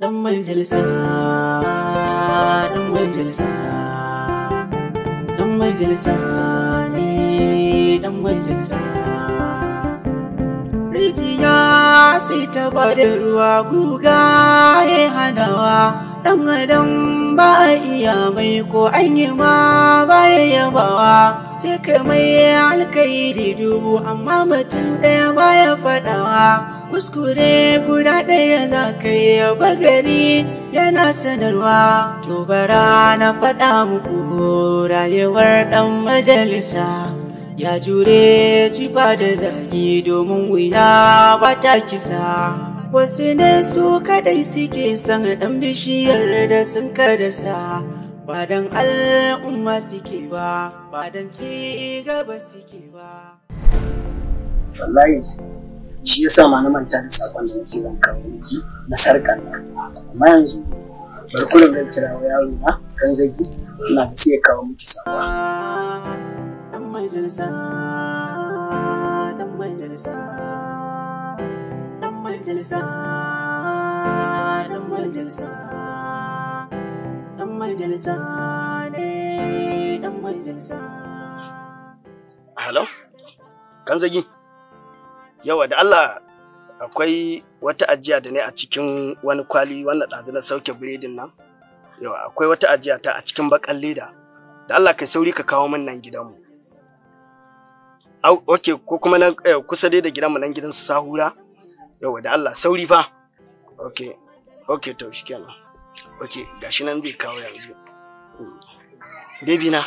Ɗan majalisa ɗan majalisa ɗan majalisa ne ɗan majalisa rijiya sai ta ba da ruwa guga ya hanawa dan adam ba a iya mai ko an yi ma ba ya yabawa sai ka mai alkairi dubu amma mutum ɗaya ba ya faɗawa kuskure guda ɗaya za ka yi bagari yana sanarwa to bara na faɗa muku rayuwar ɗan majalisa ya jure jifa da zagi domin wuya ba ta kisa wasu ne su kadai suke san ɗan bishiyar da sun kadasa ba don al'umma suke ba ba don ci gaba suke ba wallahi shi yasa ma na manta da sakon da nake zan kawo miki na sarkar amma yanzu bari kullum zan kira wa yaro na kan zagi ina da sai ya kawo miki sakon mai Hello? Kan zagi? yawa da Allah akwai wata ajiya da ne a cikin wani kwali wannan ɗazu na sauke biredin nan yawa akwai wata ajiya ta a cikin bakan leda da Allah ka sauri ka kawo min nan gidanmu ok ko kuma nan eh, kusa dai da gidanmu nan gidan su sahura yawa da Allah sauri fa ok ok to shikenan ok gashi nan zai kawo yanzu baby na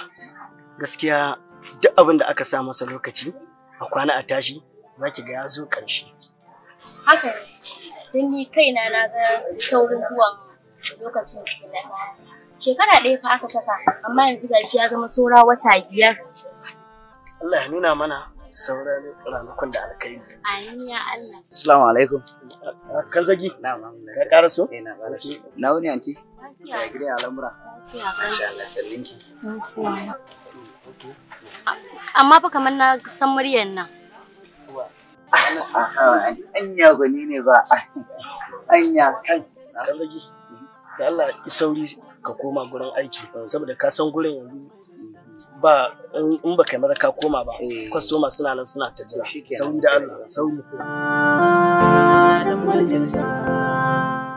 gaskiya duk abin da aka sa masa lokaci a kwana a tashi za ki ga ya zo ƙarshe. Haka ne, don ni kaina na ga saurin zuwa lokacin da Shekara ɗaya fa aka saka, amma yanzu gashi ya zama tsora wata biyar. Allah ya nuna mana sauran ranakun da alkai. Amin ya Allah. Assalamu alaikum. Kan zagi? Na'am. Ka ƙara so? Eh na ƙara so. Na wuni anti? Ya gida ya lamura. Allah sallinki. Amma fa kamar na san muryar nan. Anya gwani ne ba. Anya. Kai, Ka rage. Da Allah sauri ka koma gurin aiki saboda ka san gurin yanzu ba in ba kai ka koma ba kwastoma eh. suna nan suna ta jira sauri da Allah sauri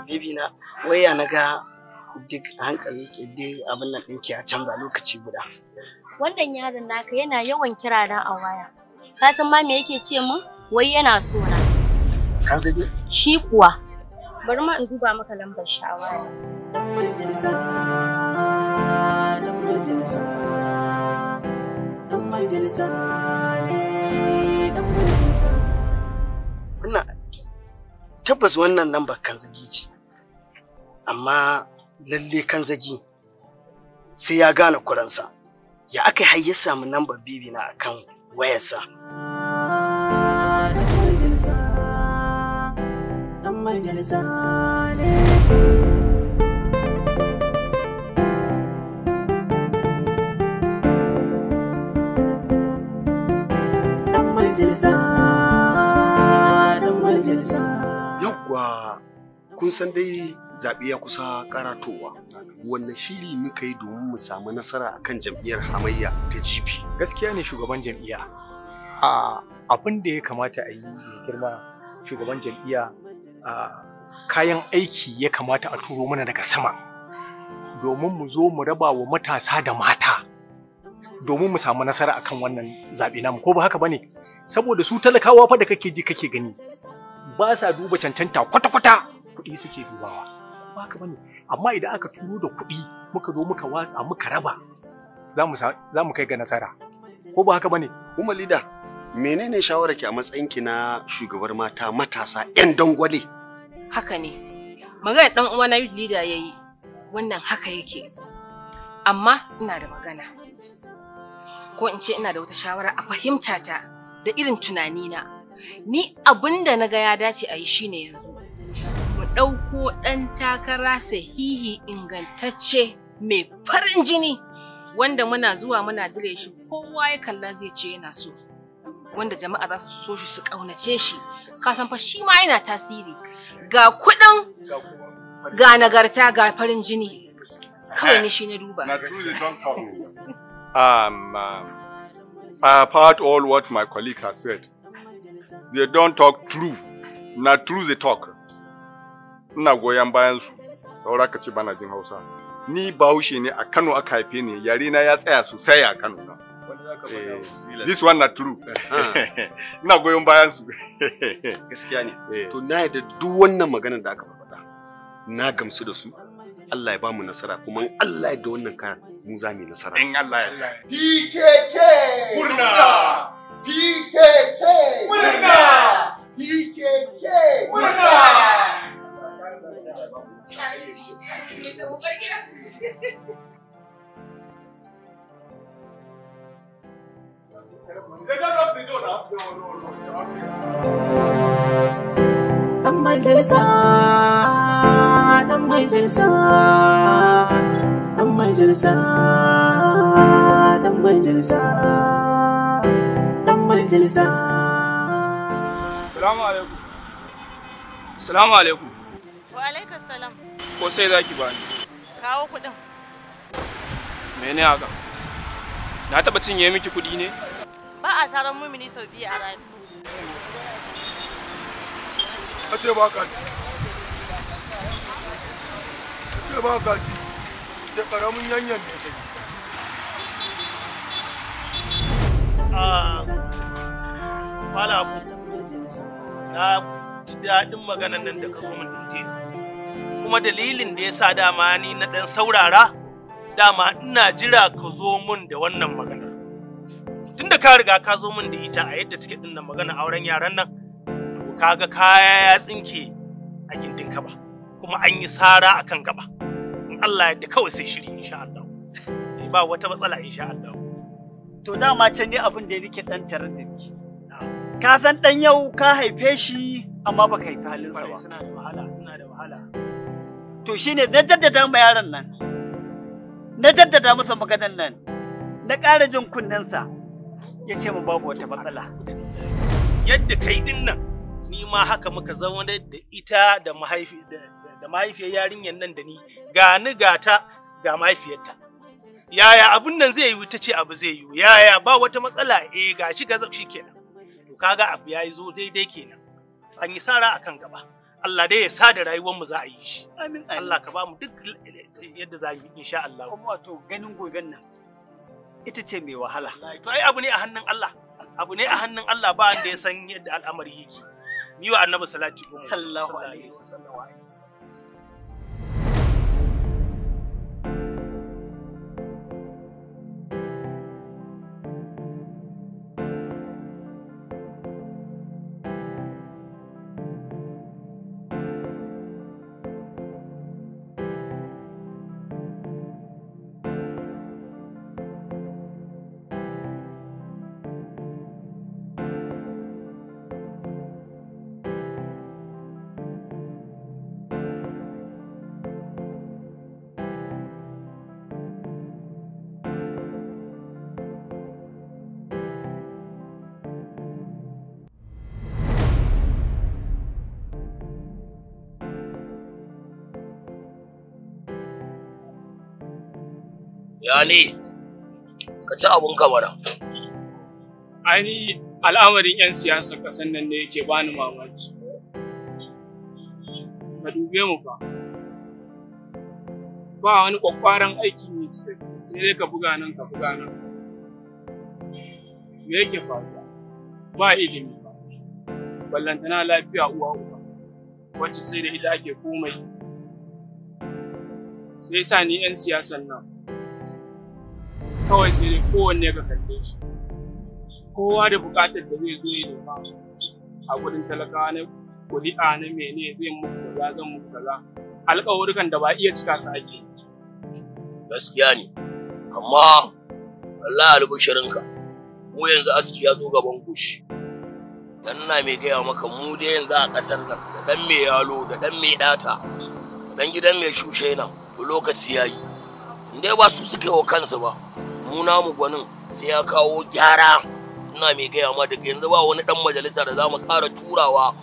Bibi na waya na ga duk hankali ke dai abin nan ɗinki a canza lokaci guda. Wannan yaron naka yana yawan kira na a waya. Ka san ma me yake ce mun? wai yana so na. Kan zabe? Shi kuwa. Bari ma in duba maka lambar shawara. Wannan tabbas wannan lambar kan zagi ce, amma lalle kan zagi sai ya gane kuransa. Ya aka har ya samu lambar bibi na akan wayarsa. majalisa kun san dai zaɓe ya kusa karatowa wannan shiri muka yi domin mu samu nasara akan jam'iyyar hamayya ta gp gaskiya ne shugaban jam'iyya a abin da ya kamata a yi girma shugaban jam'iyya kayan aiki ya kamata a turo mana daga sama domin mu zo mu raba wa matasa da mata domin mu samu nasara akan wannan zaɓe namu ko ba haka bane saboda su talakawa fa da kake ji kake gani ba sa duba cancanta kwata-kwata kuɗi suke dubawa ba haka bane amma idan aka turo da kuɗi muka zo muka watsa muka raba za mu kai ga nasara ko ba haka bane kuma leader menene shawararki a matsayinki na shugabar mata matasa 'yan dangwale haka ne magana dan uwa na ya yayi wannan haka yake amma ina da magana ko in ce ina da wata shawara a fahimta ta da irin tunanina ni abin da na ga ya dace a yi shine yanzu mu ɗauko ɗan takara sahihi ingantacce mai farin jini wanda muna zuwa muna dire shi kowa ya kalla zai ce yana so wanda jama'a za su so shi su ƙaunace shi ka san fa shi ma yana tasiri ga kuɗin ga nagarta ga farin jini kawai ne shi na duba um, um, I apart all what my colleague has said. They don't talk true. Na true they talk. Ina goyon bayan su. Saura ka bana jin Hausa. Ni Bahaushe ne a Kano aka haife ni, yare na ya tsaya sosai a Kano. this one na true ina goyon bayan su gaskiya ne to na yadda duk wannan magana da aka faɗa na gamsu da su Allah ya ba mu nasara kuma in Allah ya da wannan mu za mu nasara in Allah ya PKK murna PKK murna PKK murna Thank you. Salamu alaikum. Wa alaikum salam. Ko sai zaki bani. Kawo kuɗin. Mene haka? Na taɓa cinye miki kudi ne? Ba a saran mu mini sau biyu a rami. Ace ba kaji. A ce ba kaji. Ce karamin yanyan ne ta Ah. Mala ku. na ji daɗin maganan nan da ka kuma Kuma dalilin da ya sa dama ni na ɗan saurara dama ina jira ka zo mun da wannan magana tunda ka riga ka zo mun da ita a yadda take dinnan magana auren yaran nan to kaga kaya ya tsinke a gindin ka ba kuma an yi sara akan gaba in Allah ya kawai sai shiri insha Allah eh, ba wata matsala insha Allah to dama can ne abin da yake dan tare da ni ka san dan yau ka haife shi amma baka halin sa ba suna da wahala suna da wahala to shine da jaddada ma yaran nan na jaddada masa maganar nan na ƙara jin sa, ya ce min babu wata matsala yadda kai din nan ni ma haka muka zama da ita da mahaifi da mahaifiyar yarinyar nan da ni ga ni ga ta ga mahaifiyarta yaya abun nan zai yi ta ce abu zai yi yaya ba wata matsala eh gashi gaza shi kenan to kaga abu yayi zo daidai kenan an yi sara akan gaba Allah dai ya sa da rayuwar mu za a yi shi. Amin. Allah ka ba mu duk yadda za mu insha Allah. Kuma wato ganin goben nan ita ce mai wahala. To ai abu ne a hannun Allah. Abu ne a hannun Allah ba wanda ya san yadda al'amari yake. Ni wa Annabi salati wasallam. Sallallahu alaihi wasallam. Ya ne, ka ci abin ka mana. Ani al'amarin 'yan siyasar ƙasar nan ne yake bani mamaki. Ka dube mu ba. Ba wani ƙwaƙwaran aiki mai cikakke sai dai ka buga nan ka buga nan. Me yake faruwa? Ba ilimi ba. Ballantana lafiya uwa uwa, Wacce sai da ita ake komai. Sai sa ni 'yan siyasar nan kawai sai dai kowanne ga kalle shi kowa da buƙatar da zai zo ya nema a gudun talakawa na kuri'a na mene zai muku kaza zan muku kaza alƙawurkan da ba iya cika su ake gaskiya ne amma Allah ka, mu yanzu aski ya zo gaban kushi dan na mai gaya maka mu da yanzu a ƙasar nan da dan mai yalo da dan mai data dan gidan mai shushe nan lokaci yayi in dai ba su suke wa kansu ba mu gwanin sai ya kawo gyara ina mai gaya ma daga yanzu ba wani dan majalisa da za mu ƙara turawa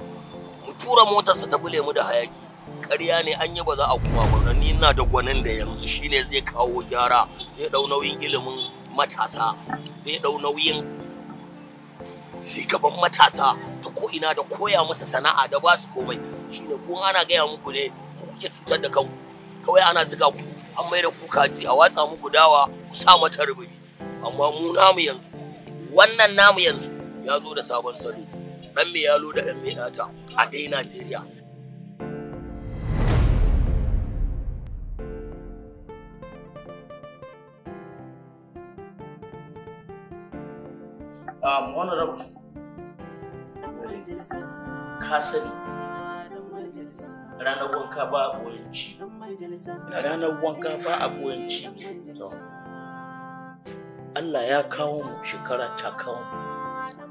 mu tura motarsa ta bule mu da hayaki ƙarya ne an yi ba za a kuma gwanin ni ina da gwanin da yanzu shine zai kawo gyara zai ɗau nauyin ilimin matasa zai ɗau nauyin gaban matasa ta ko ina da koya musu sana'a da ba su komai shine ko ana gaya muku ne ku kuke cutar da kanku kawai ana zuga ku an mai da kuka ji a watsa muku dawa ku sa mata rububi amma mu namu yanzu wannan namu yanzu ya zo da sabon salo dan me yalo da dan me nata a dai Najeriya Um, honorable, ka sani ranar wanka ba a ci ranar wanka ba a buwanci Allah ya kawo mu shekara ta kawo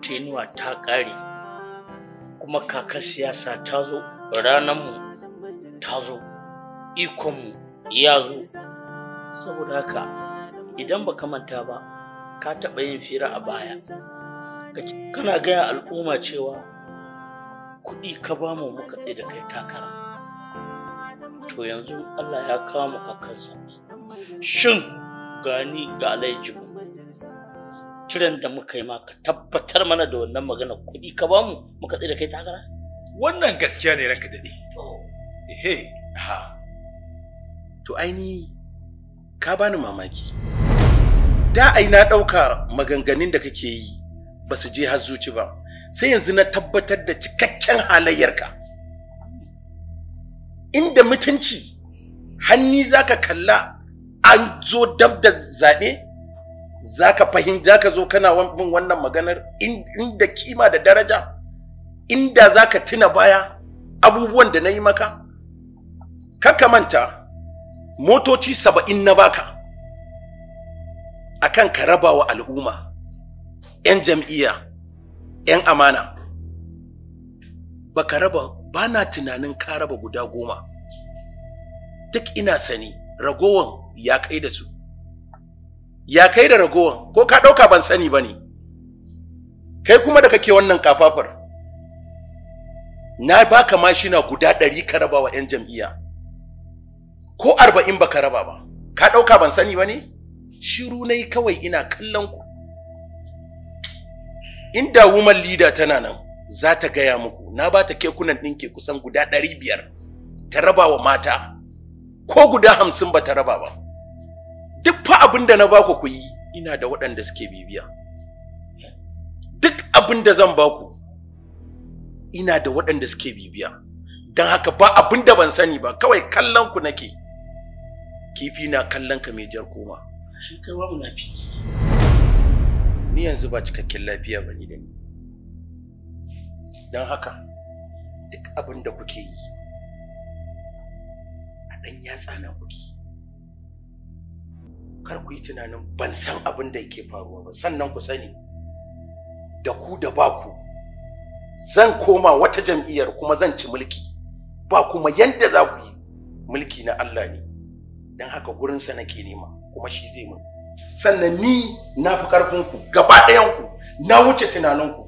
tenuwa ta ƙare kuma kakar siyasa ta zo ranar mu ta zo ikon mu ya zo saboda haka idan ba manta ba ka taɓa yin fira a baya kana gaya al'umma cewa kuɗi ka bamu muka ɗi da kai takara to yanzu Allah ya kama kansa. shin gani ga alaijibu kiran da muka yi ma ka tabbatar mana da wannan magana kuɗi ka bamu muka tsira kai takara wannan gaskiya ne ranka daɗe ehe ha to aini ka bani mamaki da ai na ɗauka maganganun da kake yi ba su je har zuci ba sai yanzu na tabbatar da cikakken halayyarka inda mutunci hanni zaka kalla an zo dab da zaɓe zaka fahim zaka zo kana bin wannan maganar inda kima da daraja inda zaka tuna baya abubuwan da na yi maka ka manta motoci saba'in na baka akan ka raba wa al'umma 'yan jam'iyya 'yan amana baka raba ba na tunanin ka raba guda goma duk ina sani ragowan ya kai da su ya kai da ragowan ko ka ɗauka ban sani ba ne kai kuma da kake wannan kafafar na baka mashina guda ɗari ka raba wa 'yan jam'iyya ko arba'in ba ka raba ba ka ɗauka ban sani ba ne shiru na kawai ina kallon ku inda woman leader tana nan za ta gaya muku na ba ta kekunan ɗinke kusan guda ɗari biyar ta raba wa mata ko guda hamsin ba ta raba ba duk fa abin da na ba ku yi ina da waɗanda suke bibiya duk abin da zan ba ku ina da waɗanda suke bibiya don haka ba abin da ban sani ba kawai kallon ku nake kifi na kallon ka mai jar koma shi kai wa munafiki ni yanzu ba cikakken lafiya ba ni da don haka duk abin da kuke yi a ɗan yatsa na kuke kar ku yi tunanin ban san abin da yake faruwa ba sannan ku sani da ku da baku zan koma wata jam'iyyar kuma zan ci mulki ba kuma yadda za ku yi mulki na Allah ne don haka gurinsa nake nema kuma shi zai mun sannan ni na fi ku gaba ɗayan ku na wuce tunaninku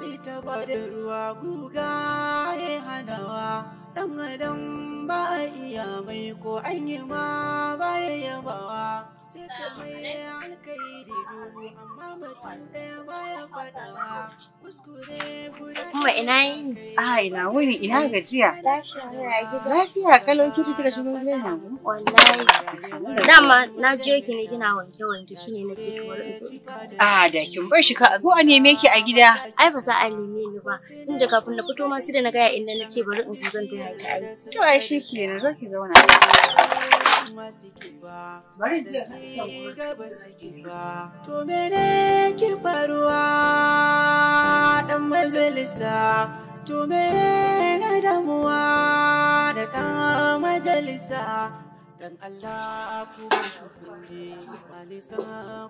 sai ta ba da ruwa guga ya hanawa ɗan adam ba a iya mai ko an ma ba ya yabawa sai ka alkairi dubu amma mutum ɗaya baya faɗawa kuskure guda kuma ina yin a ina wuri ina gajiya lafiya kalau ki ta kira shirin gidan yanzu wallahi dama na je ki ne kina wanke wanke shine na ce tuwar zo eh, a ah, da kin bar shi ka zo a neme ki a gida ai ba za a neme ni ba tun da kafin na fito ma sai da na gaya inda na ce bari in zo zan tana ki ai to ai shikenan zaki zauna yamma suke ba da ci gaba suke ba to mene ki faruwa dan majalisa to mene damuwa da dan majalisa dan Allah ku ba shi kunje alisa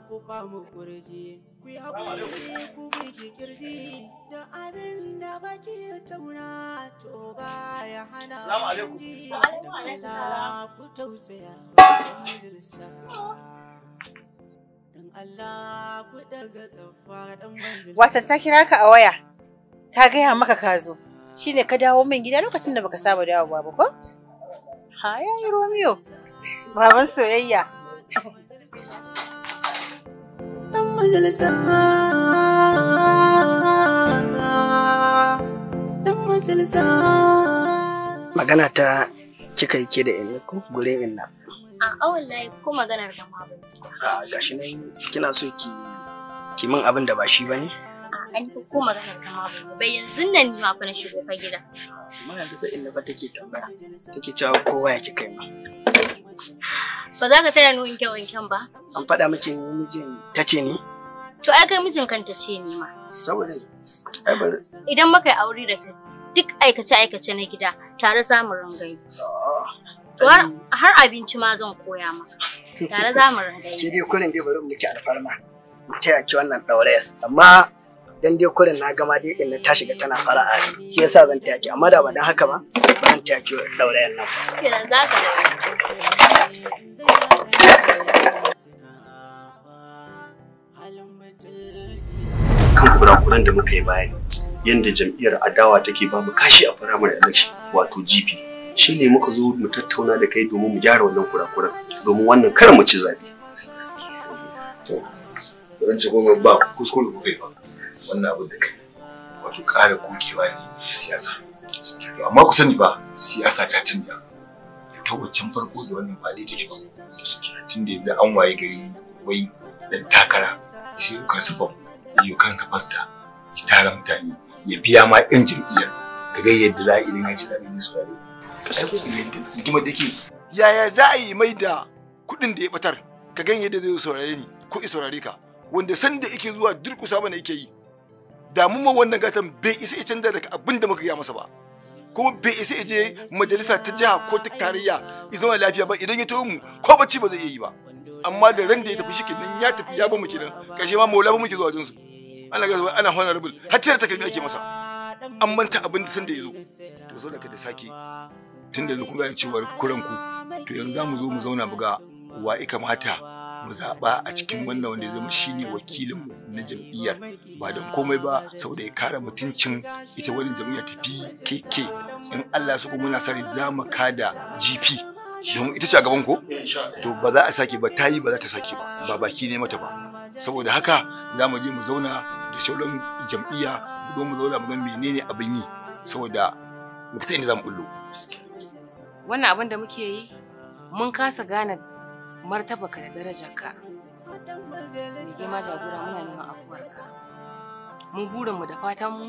ku ba mu kurji ku yi haƙuri ku bi ki kirji da abin da baki tauna to ba ya hana kunji dan Allah ku tausaya Watan ta kira ka a waya, ta gaya maka ka zo, shine ka dawo min gida lokacin da baka saba dawowa ba ko? Hi, yayi Romeo. Baban soyayya. Dan Magana ta kika yi ke da inna ko gurin inna. A wallahi ko maganar da ma ba A ah, gashi nan kina so ki ki min abin da ba shi bane? an fi ko maganar kama bai yanzu nan ni ma fa na shigo fa gida amma yanzu da inda fa take tambaya take cewa kowa ya ci kai ma ba za ka taya nuyin kyawun kyan ba an faɗa miki ni mijin ta ce ni to ai kai mijin kanta ce ni ma saboda ai bari idan muka yi aure da kai duk aikace aikace na gida tare za mu rangayi har abinci ma zan koya ma, tare za mu rangayi ke dai kullum dai bari mu miki alfarma taya ki wannan ɗaure. amma dan dai kurin na gama dai din ta shiga tana fara'a shi yasa zan taki amma da ba dan haka ba ban taki daurayen nan kenan za ka kan kurakuran da muka yi bayani yadda jam'iyyar adawa take ba mu kashi a firamare election wato gp shi ne muka zo mu tattauna da kai domin mu gyara wannan kurakuran domin wannan kar mu ci zabi. Zan ci goma ba kuskure ku kai ba. wannan abin da kai wato ƙara gogewa ne da siyasa amma ku sani ba siyasa ta canja da ta waccan farko da wannan ba dai take ba tun da yanzu an waye gari wai dan takara sai yau kansa fam yau kan fasta ya tara mutane ya biya ma yan jam'iyyar ka ga yadda za a idan ya ci zaɓe ya saurare yadda rigimar da ke yaya za a yi mai da kuɗin da ya ɓatar ka ganye da zai saurare ni ko isaurare ka wanda sanda yake zuwa durƙusa mana yake yi ma wannan gatan bai isa ya canza daga abin da muka gaya masa ba kuma bai isa ya je majalisa ta jiha ko ta tarayya izama lafiya ba idan ya taho mu ko bacci ba zai iya yi ba amma da ran da ya tafi shi nan ya tafi ya bamu kenan kashe ma maula bamu ke zuwa jinsu ana ga ana honorable har ta takalmi ake masa an manta abin da san da yazo to zo daga da saki tun da zo kuma yana cewa kuranku to yanzu za mu zo mu zauna buga wa ya kamata mu zaɓa a cikin wannan wanda ya zama shine wakilin na jam'iyyar ba don komai ba saboda ya kare mutuncin ita wani jam'iyyar ta PKK in Allah su kuma muna sare za mu kada GP don ita ce a gaban ko to ba za a sake ba ta yi ba za ta sake ba ba baki ne mata ba saboda haka za mu je mu zauna da sauran jam'iyya mu zo mu zauna mu ga menene abin yi saboda mu ta inda za mu bullo wannan abin da muke yi mun kasa gane ka da darajarka mai ma jagora muna neman afuwarka mu burinmu da fatanmu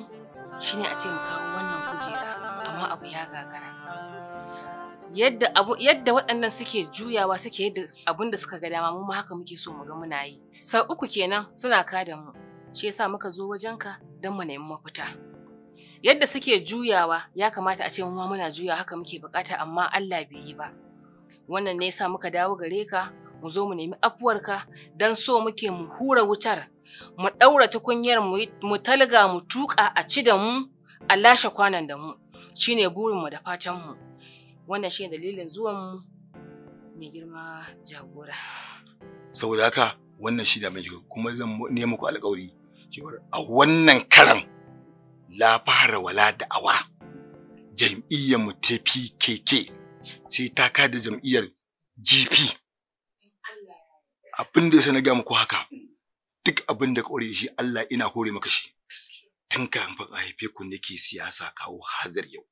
shine a ce mu kawo wannan kujera amma abu ya gagara yadda abu yadda waɗannan suke juyawa suke yadda abin da suka ga dama mu ma haka muke so mu ga muna yi sau uku kenan suna ka da mu shi yasa muka zo wajenka don mu nemi mafita yadda suke juyawa ya kamata a ce mu ma muna juyawa haka muke bukata amma Allah bai yi ba wannan ne yasa muka dawo gare ka mu zo mu nemi afuwarka dan so muke mu hura wutar mu ɗaura tukunyar mu talga mu tuƙa a ci da mu a lashe kwanan da mu shine burinmu da fatanmu wannan shine dalilin zuwan mu mai girma jagora saboda haka wannan shi da mai kuma zan ne muku alƙawari cewa a wannan karan la fara wala Awa, jam'iyyar mu ta PKK sai ta da jam'iyyar GP. Abin da sai na ga muku haka. Duk abin da kore shi Allah ina hore maka shi. Tun kafin a haife ku nake siyasa kawo hazar yau.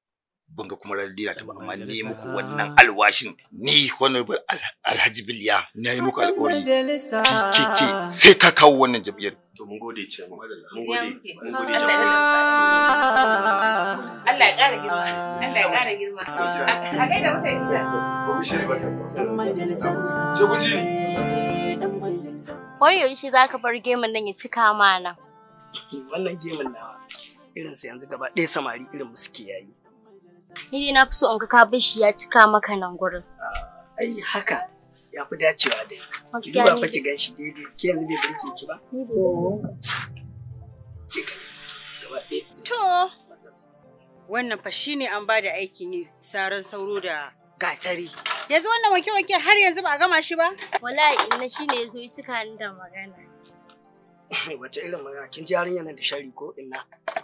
Ban ga kuma radira ta ba amma ne muku wannan alwashin ni honorable Alhaji Biliya na yi muku alƙawari. Kike sai ta kawo wannan jam'iyyar. To mun gode ce mu. Mun gode. Mun gode ce mu. Allah ya ƙara girma. Allah ya kara girma. A kai da mutane. Ko ki ba baka. Ce kun ji ni. Kwar yaushe za ka bar gemun nan ya cika mana. Wannan gemun nawa. Irin sa yanzu gaba ɗaya samari irin mu suke yayi. Ni dai na fi so in ga kabin shi ya cika maka nan gurin. Ai haka ya fi dacewa da ki duba fa ki ganshi daidai ki yanzu bai burge ki ba to wannan fa shine an ba da aikin yi saran sauro da gatari yanzu wannan wanke wanke har yanzu ba a gama shi ba wallahi inna shine yazo yi cika da magana wace irin magana kin ji yarinya nan da shari ko inna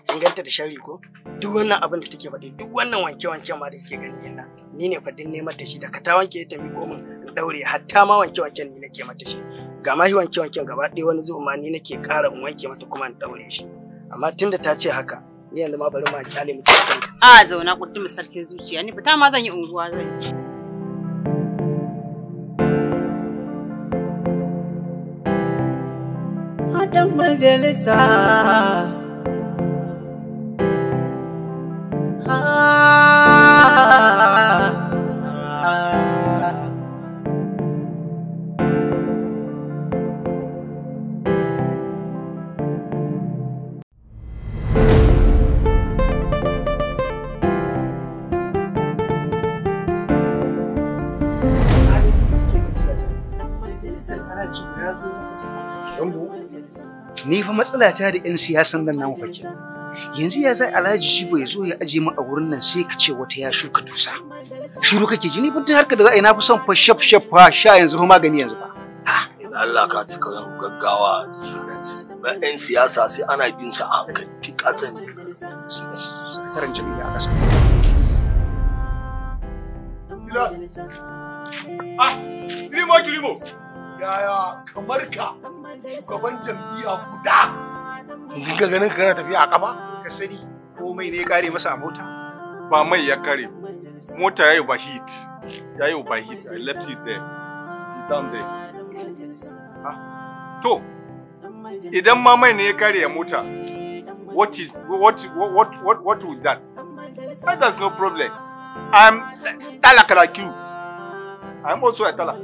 kin ganta da shari ko duk wannan abin da take faɗi duk wannan wanke wanke ma da kike gani inna ni ne fa din ne mata shi da ka ta wanke ta miko min daure hatta ma wanke wanken ni nake mata shi ga ma shi wanke wanken gaba ɗaya wani zuwa ma ni nake ƙara in wanke mata kuma in daure shi amma tunda ta ce haka ni yanzu ma bari ma kyale mutum a zauna kudin sarkin zuciya ni fita ma zan yi unguwa zan yi majalisa ni fa matsala ta da 'yan siyasan nan namu fa Yanzu ya zai Alhaji Jibo ya zo ya aje mu a wurin nan sai ka ce wata ya shuka dusa. Shiru kake ji ni bin harka da za a yi na fi son fa shaf shaf fa sha yanzu fa magani yanzu fa. Allah ka tuka yin gaggawa junanci. Ba 'yan siyasa sai ana bin sa a hankali ki kasan. Sakataren jami'a a ƙasa. Ah, yaya kamar ka shugaban jam'iyya guda ganin kana tafiya a kafa ka sani komai ne ya kare masa a mota ba mai ya kare mota yayi overheat yayi overheat i left it there sit down there to idan ma mai ne ya kare a mota what is what what what what with that that that's no problem i'm talaka like you i'm also a talaka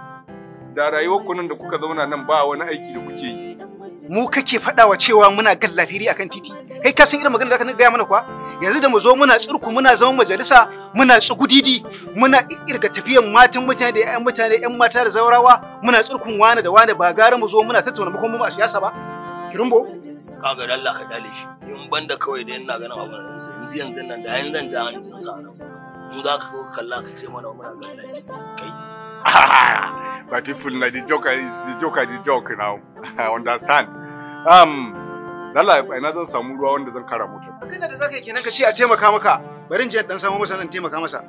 da rayuwar kunun da kuka zauna nan ba wani aiki da kuke yi mu kake faɗawa cewa muna gan lafiri akan titi kai ka san irin magana da ka gaya mana kuwa yanzu da mu zo muna tsurku muna zaman majalisa muna tsugudidi muna irga tafiyan matan mutane da 'ya'yan mutane 'yan mata da zaurawa muna tsurkun wane da wane ba gara mu zo muna tattauna makon mu a siyasa ba kirimbo ga da Allah ka dale shi in banda kawai da ina ganin ba da yanzu yanzu nan da yanzu zan ja hanjin sa mu za ka kalla ka ce mana muna gan lafiri kai My people, like the joke, it's the joke, the joke now. I understand. Um, Lala, life another samu ruwa wanda zan kara motar. Magana da zaka kenan ka ce a taimaka maka. Bari in je dan samu masa nan taimaka masa.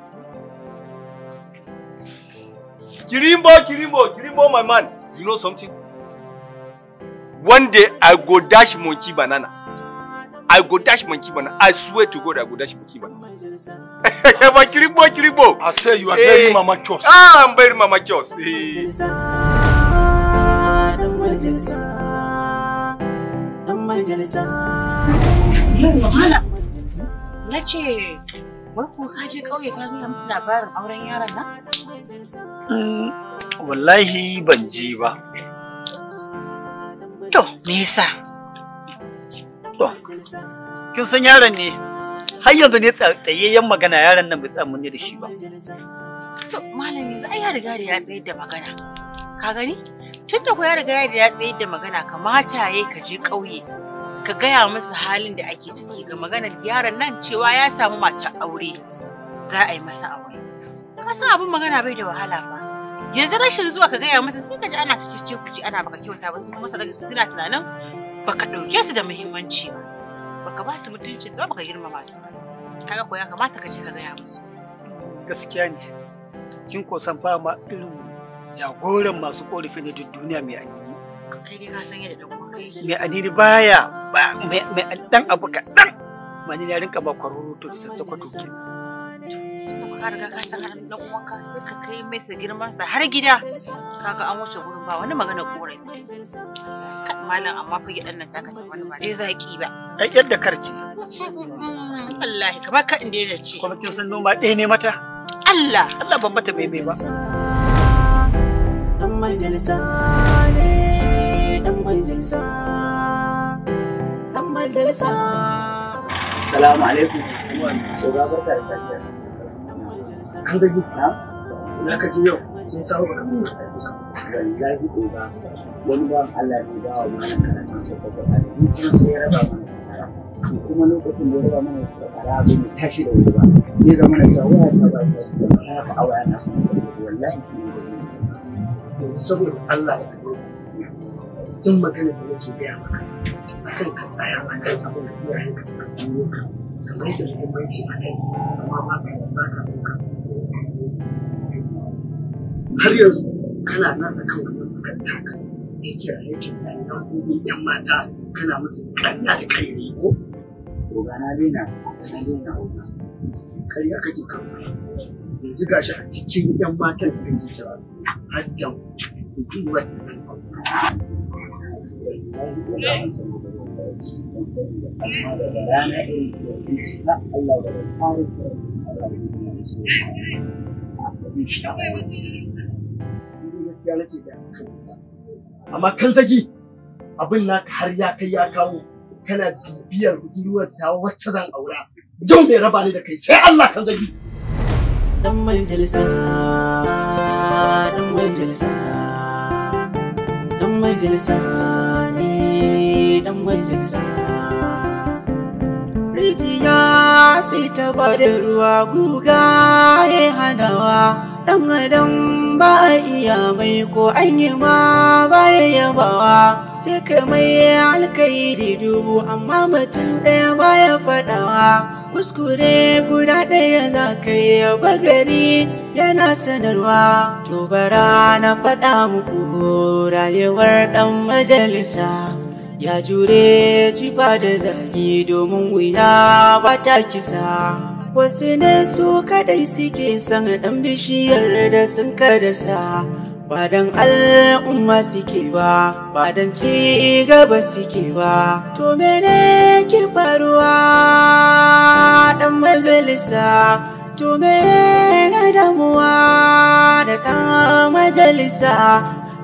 Kirimbo, Kirimbo, Kirimbo, my man. You know something? One day I go dash monkey banana. I go dash monkey banana. I swear to God I go dash monkey banana. Mama kirigbo i say you are very mama chos ah i'm very mama chos ka mm, wallahi ban ba to me yasa to kin san yaron ne har yanzu ne tsayayyen magana yaran nan bai tsamu ne da shi ba to malami za ya riga da ya tsayar da magana ka gani tun da ku ya riga da ya tsayar da magana kamata yayi ka je ƙauye ka gaya musu halin da ake ciki ga maganar yaran nan cewa ya samu mata aure za a yi masa aure ka san abin magana bai da wahala ba yanzu rashin zuwa ka gaya masa sai ka ji ana ta cece ku ji ana baka kyauta ba su kuma suna tunanin baka ɗauke su da muhimmanci ba baka ba su mutunci ba baka girmama su kaga ko ya kamata ka je ka gaya musu gaskiya ne kin ko san fa ma irin jagoran masu korafi na duniya mai anini kai dai ka san yadda dan uwan kai mai anini baya mai dan abu kaɗan mani na rinka ba kwaroro to da kwato kenan ka riga ka san halin dan sai ka kai masa girman sa har gida kaga an wuce gurin ba wani magana korafi malam amma fa gidan nan taka ta wani ba dai zaki ba ai yadda karci wallahi kamar ka inda yana ci kuma kin san noma ɗaya ne mata Allah Allah ban mata bai bai ba dan majalisa ne dan majalisa dan majalisa Assalamu alaikum. barka da An zagi? Na ka ji yau, sun samu ba da aiki. Wallahi ko ba, wani ba Allah ne ba wa mana karatun sai ka gaba da ni kuma sai ya raba mana kakara. Kuma lokacin da ya raba mana kakara bai mu tashi da wuri ba. Sai ga mana cewa waya ta ba ta da kana fa awa yana sun wallahi ki ne da ni. Yanzu saboda Allah ya ne. Duk magana da nake gaya maka akan ka tsaya a kan abin da iyayenka suka yi maka. Kamar da muhimmanci a kai amma ba ka ba ka har yanzu kana nan kan wannan makaranta ka yake a yankin nan yan yan mata kana musu ƙarya da kai ne ko oga na daina na daina oga ƙarya kake kansa yanzu shi a cikin yan matan da kake kira har yau mutum ba ta san ba amma daga rana irin da Allah da ƙarin da ya so ba a gaskiya nake da amma kan zagi abin na har ya kai ya kawo kana bibiyar budurwar ta wacce zan aura jau mai raba ni da kai sai Allah kan zagi dan majalisa dan majalisa dan majalisa ne dan majalisa rijiya sai ta bada ruwa guga ya hanawa ɗan adam ba a iya mai ko an yi ma baya yabawa sai ka mai alkairi dubu amma mutum ɗaya baya faɗawa kuskure guda ɗaya za ka yi bagari yana sanarwa to bara na faɗa muku rayuwar ɗan majalisa ya jure jifa da zagi domin wuya ba ta kisa wasu ne su kadai suke san dan bishiyar da sun sa? ba dan al'umma suke ba ba dan ci gaba suke ba to mene ke faruwa dan majalisa to mene damuwa da dan majalisa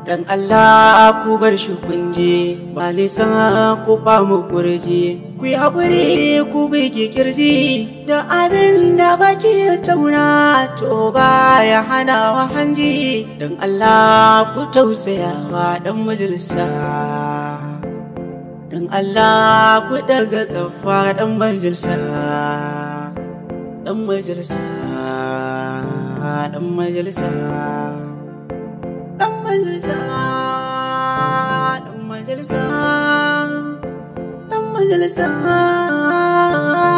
Dan Allah ku bar shi kunje ba nisa ku famu kurji ku yi haƙuri ku ki kirji da abin da baki tauna to ba ya hana wa hanji Dan Allah ku tausaya wa dan majalisa Dan Allah ku daga kafa dan majalisa dan majalisa dan majalisa majalisa dan majalisa dan majalisa